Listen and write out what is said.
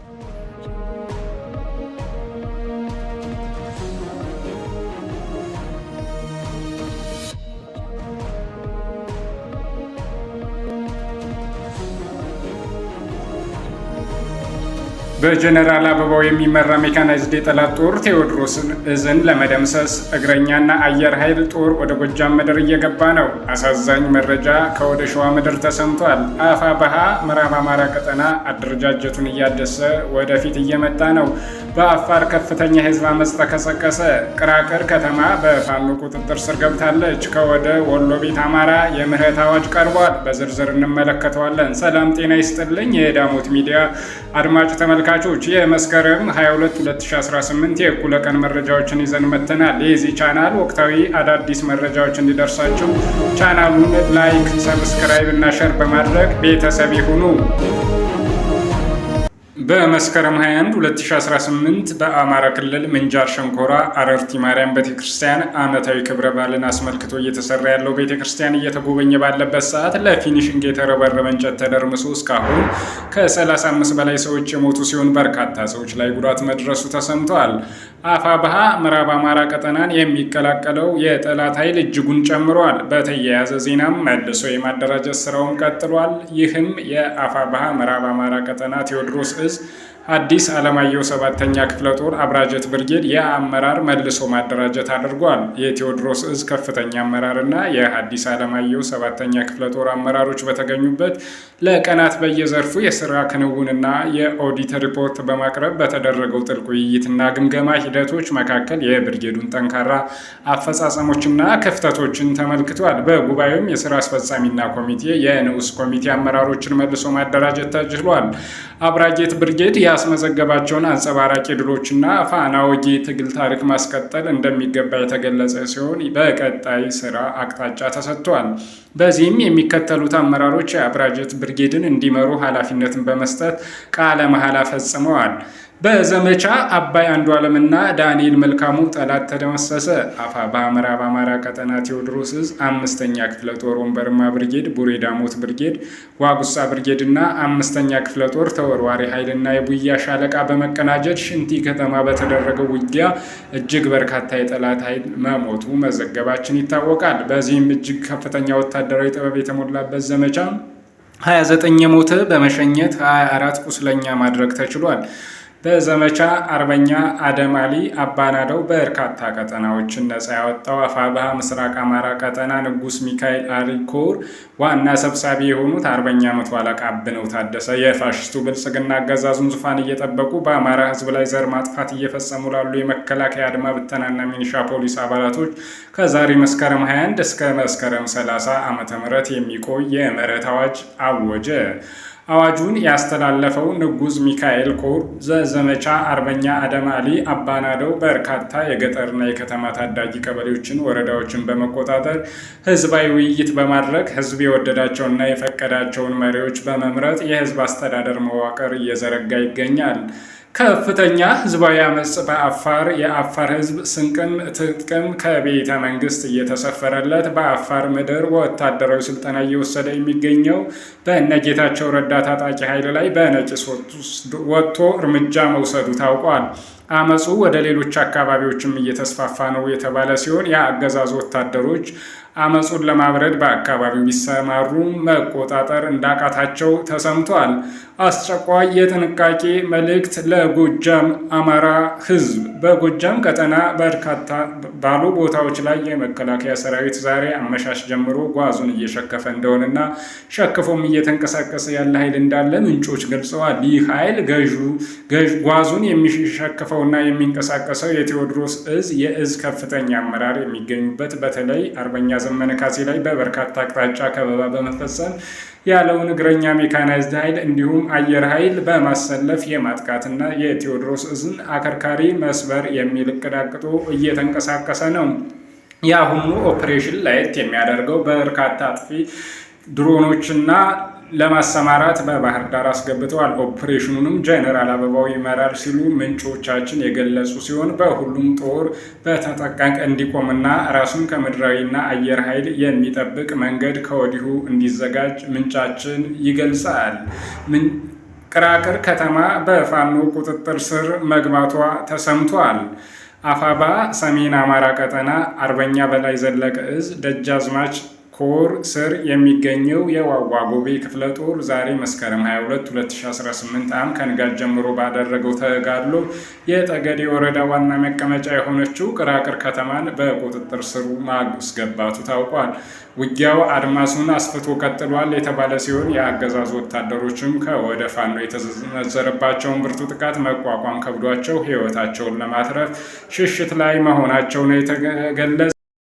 you በጀነራል አበባው የሚመራ ሜካናይዝድ የጠላት ጦር ቴዎድሮስን እዝን ለመደምሰስ እግረኛና አየር ኃይል ጦር ወደ ጎጃም ምድር እየገባ ነው። አሳዛኝ መረጃ ከወደ ሸዋ ምድር ተሰምቷል። አፋ በሃ ምዕራብ አማራ ቀጠና አደረጃጀቱን እያደሰ ወደፊት እየመጣ ነው። በአፋር ከፍተኛ የህዝብ አመፅ ተቀሰቀሰ። ቅራቅር ከተማ በፋኖ ቁጥጥር ስር ገብታለች። ከወደ ወሎ ቤት አማራ የምህረት አዋጅ ቀርቧል። በዝርዝር እንመለከተዋለን። ሰላም ጤና ይስጥልኝ። የዳሞት ሚዲያ አድማጭ ተመልካቾች የመስከረም 22 2018 የእኩለ ቀን መረጃዎችን ይዘን መተናል። የዚህ ቻናል ወቅታዊ አዳዲስ መረጃዎች እንዲደርሳችሁ ቻናሉን ላይክ፣ ሰብስክራይብ እና ሸር በማድረግ ቤተሰብ ይሁኑ። በመስከረም 21 2018 በአማራ ክልል ምንጃር ሸንኮራ አረርቲ ማርያም ቤተክርስቲያን ዓመታዊ ክብረ በዓልን አስመልክቶ እየተሰራ ያለው ቤተክርስቲያን እየተጎበኘ ባለበት ሰዓት ለፊኒሽንግ የተረበረበ እንጨት ተደርምሶ እስካሁን ከ35 በላይ ሰዎች የሞቱ ሲሆን በርካታ ሰዎች ላይ ጉዳት መድረሱ ተሰምተዋል። አፋብኃ ምዕራብ አማራ ቀጠናን የሚቀላቀለው የጠላት ኃይል እጅጉን ጨምሯል። በተያያዘ ዜናም መልሶ የማደራጀት ስራውን ቀጥሏል። ይህም የአፋብኃ ምዕራብ አማራ ቀጠና ቴዎድሮስ services አዲስ ዓለማየሁ ሰባተኛ ክፍለ ጦር አብራጀት ብርጌድ የአመራር መልሶ ማደራጀት አድርጓል። የቴዎድሮስ እዝ ከፍተኛ አመራርና የአዲስ ዓለማየሁ ሰባተኛ ክፍለ ጦር አመራሮች በተገኙበት ለቀናት በየዘርፉ የስራ ክንውንና የኦዲት ሪፖርት በማቅረብ በተደረገው ጥልቅ ውይይትና ግምገማ ሂደቶች መካከል የብርጌዱን ጠንካራ አፈጻጸሞችና ክፍተቶችን ተመልክቷል። በጉባኤውም የስራ አስፈጻሚና ኮሚቴ የንዑስ ኮሚቴ አመራሮችን መልሶ ማደራጀት ተችሏል። አብራጀት ብርጌድ ያስመዘገባቸውን አንጸባራቂ ድሎችና ፋና ወጊ ትግል ታሪክ ማስቀጠል እንደሚገባ የተገለጸ ሲሆን በቀጣይ ስራ አቅጣጫ ተሰጥቷል። በዚህም የሚከተሉት አመራሮች የአብራጀት ብርጌድን እንዲመሩ ኃላፊነትን በመስጠት ቃለ መሐላ ፈጽመዋል። በዘመቻ አባይ አንዱ ዓለምና ዳንኤል መልካሙ ጠላት ተደመሰሰ። አፋ በአምራ በአማራ ቀጠና ቴዎድሮስ እዝ አምስተኛ ክፍለ ጦር ወንበርማ ብርጌድ፣ ቡሬ ዳሞት ብርጌድ፣ ዋጉሳ ብርጌድ እና አምስተኛ ክፍለ ጦር ተወርዋሪ ኃይልና የቡያ ሻለቃ በመቀናጀት ሽንቲ ከተማ በተደረገው ውጊያ እጅግ በርካታ የጠላት ኃይል መሞቱ መዘገባችን ይታወቃል። በዚህም እጅግ ከፍተኛ ወታደራዊ ጥበብ የተሞላበት ዘመቻ 29 የሞተ በመሸኘት 24 ቁስለኛ ማድረግ ተችሏል። በዘመቻ አርበኛ አደማሊ አባናደው በርካታ ቀጠናዎችን ነጻ ያወጣው አፋብሃ ምስራቅ አማራ ቀጠና ንጉስ ሚካኤል አሪኮር ዋና ሰብሳቢ የሆኑት አርበኛ መቶ አለቃ አብነው ታደሰ የፋሽስቱ ብልጽግና አገዛዙን ዙፋን እየጠበቁ በአማራ ህዝብ ላይ ዘር ማጥፋት እየፈጸሙ ላሉ የመከላከያ አድማ ብተናና ሚኒሻ ፖሊስ አባላቶች ከዛሬ መስከረም 21 እስከ መስከረም 30 ም የሚቆይ የምህረት አዋጅ አወጀ። አዋጁን ያስተላለፈው ንጉስ ሚካኤል ኮር ዘዘመቻ አርበኛ አደም አሊ አባናደው በርካታ የገጠርና የከተማ ታዳጊ ቀበሌዎችን፣ ወረዳዎችን በመቆጣጠር ህዝባዊ ውይይት በማድረግ ህዝብ የወደዳቸውና የፈቀዳቸውን መሪዎች በመምረጥ የህዝብ አስተዳደር መዋቅር እየዘረጋ ይገኛል። ከፍተኛ ህዝባዊ አመፅ በአፋር የአፋር ህዝብ ስንቅም ትጥቅም ከቤተ መንግስት እየተሰፈረለት በአፋር ምድር ወታደራዊ ስልጠና እየወሰደ የሚገኘው በነጌታቸው ረዳ ታጣቂ ኃይል ላይ በነጭ ወጥቶ እርምጃ መውሰዱ ታውቋል። አመፁ ወደ ሌሎች አካባቢዎችም እየተስፋፋ ነው የተባለ ሲሆን የአገዛዙ ወታደሮች አመፁን ለማብረድ በአካባቢው ቢሰማሩ መቆጣጠር እንዳቃታቸው ተሰምቷል። አስቸኳይ የጥንቃቄ መልእክት ለጎጃም አማራ ሕዝብ። በጎጃም ቀጠና በርካታ ባሉ ቦታዎች ላይ የመከላከያ ሰራዊት ዛሬ አመሻሽ ጀምሮ ጓዙን እየሸከፈ እንደሆነና ሸክፎም እየተንቀሳቀሰ ያለ ኃይል እንዳለ ምንጮች ገልጸዋል። ይህ ኃይል ጓዙን የሚሸከፈው የሚያልፈውና የሚንቀሳቀሰው የቴዎድሮስ እዝ የእዝ ከፍተኛ አመራር የሚገኙበት በተለይ አርበኛ ዘመነ ካሴ ላይ በበርካታ አቅጣጫ ከበባ በመፈጸም ያለውን እግረኛ ሜካናይዝድ ኃይል እንዲሁም አየር ኃይል በማሰለፍ የማጥቃትና የቴዎድሮስ እዝን አከርካሪ መስበር የሚል እቅድ አቅዶ እየተንቀሳቀሰ ነው። የአሁኑ ኦፕሬሽን ለየት የሚያደርገው በርካታ አጥፊ ድሮኖችና ለማሰማራት በባህር ዳር አስገብተዋል። ኦፕሬሽኑንም ጀነራል አበባው ይመራል ሲሉ ምንጮቻችን የገለጹ ሲሆን በሁሉም ጦር በተጠቃቅ እንዲቆምና ራሱን ከምድራዊና አየር ኃይል የሚጠብቅ መንገድ ከወዲሁ እንዲዘጋጅ ምንጫችን ይገልጻል። ቅራቅር ከተማ በፋኖ ቁጥጥር ስር መግባቷ ተሰምቷል። አፋባ ሰሜን አማራ ቀጠና አርበኛ በላይ ዘለቀ እዝ ደጃዝማች ኮር ስር የሚገኘው የዋዋ ጎቤ ክፍለ ጦር ዛሬ መስከረም 22 2018 ዓ.ም ከንጋት ጀምሮ ባደረገው ተጋድሎ የጠገዴ ወረዳ ዋና መቀመጫ የሆነችው ቅራቅር ከተማን በቁጥጥር ስሩ ማስገባቱ ታውቋል። ውጊያው አድማሱን አስፍቶ ቀጥሏል የተባለ ሲሆን የአገዛዙ ወታደሮችም ከወደ ፋኖ የተዘነዘረባቸውን ብርቱ ጥቃት መቋቋም ከብዷቸው ሕይወታቸውን ለማትረፍ ሽሽት ላይ መሆናቸው ነው የተገለጸ።